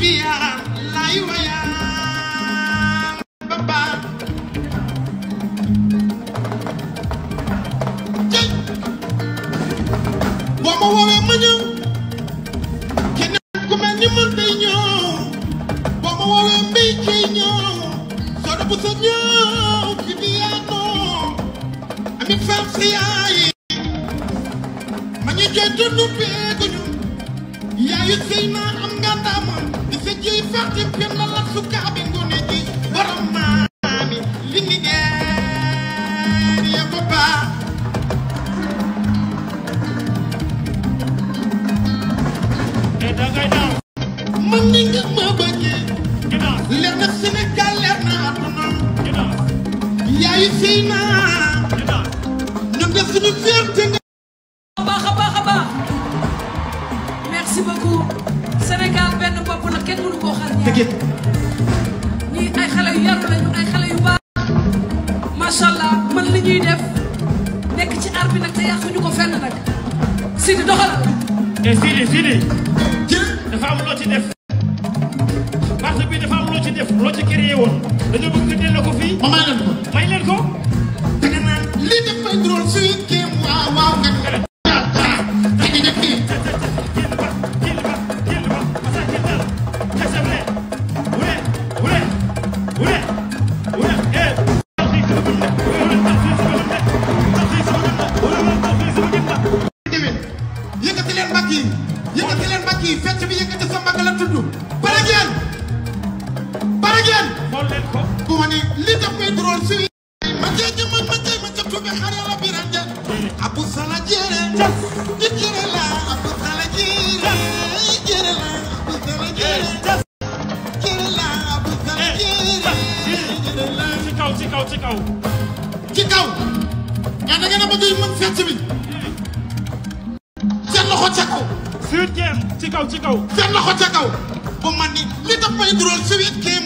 biya layuwa ya baba boo ma woowee ma ñëw keneen ku bu sa ñëw fi biya noo xale yu yar lañu ay xale yu baax macha allah man li ñuy def nekk ci aar bi nag te yàquñu ko fenn nag Sidi doxalal. te eh, Sidi Sidi. pare ngeen pare ngeen ku ma ne li def may drone si ma jee jëm ma jee ma jëm tuuti xar yàlla bi ren ngeen abu sala jere nit jere la abu sala jere jere la abu sala jere jere la abu sala jere jere la ci kaw ci kaw ci kaw ci kaw nga da ngeen a bëgg mën fecc bi seen loxo ca kaw seen loxo ca kaw for money. Little Pedro, so it came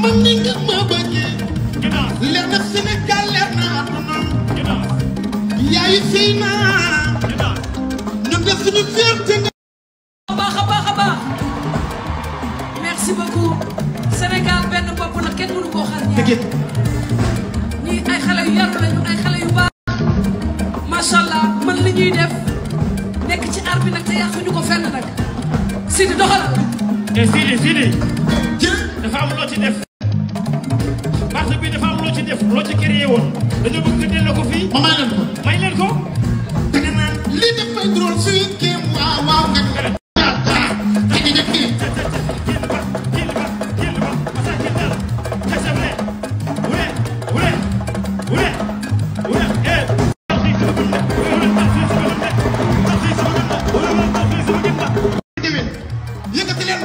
man ni nga ma bëggee. leer na Sénégal leer na àdduna. yaayu sëy naa. ñu def suñu fierté nga. baax a baax a baax. merci beaucoup. Sénégal benn bopp la kenn mënu koo xar ñaar. ñii ay xale yu yaru lañu ay xale yu baax. macha allah mën li ñuy def. nekk ci aar bi nag te yàquñu ko fenn nag. Sidi doxalal. te eh, Sidi Sidi. am loo ci def marché bi dafa am loo ci def loo ci créé woon dañoo bëgg nga delloo ko fii. ma may leen ko may leen ko. da nga naan lii def fay drôle si kii waaw waaw nga.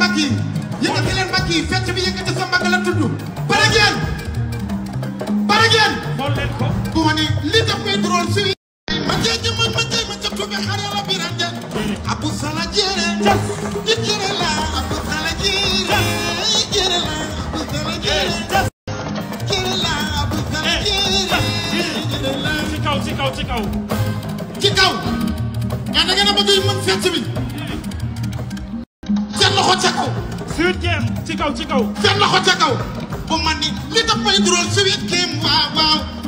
Thank you. yëkkati leen mbagg yi fecc bi yëkkati sa mbagg la tudd. pare ngeen pare ngeen. xool leen ko. bu ma nee li daf koy dural suy. ma cee jëm ma ma cee ma ca tuuti xale la bi ren de. abu sala jere. jërëjëf jërëjëf la abu sala jere. jërëjëf la abu sala jere. jërëjëf la abu sala jere. ci kaw ci kaw ci kaw. ci kaw. nga da ngeen a bëgg mën fecc bi. seen loxo ca kaw. suite game ci kaw ci kaw. seen loxo ca kaw ba man ni li tax may dural suite game waaw waaw.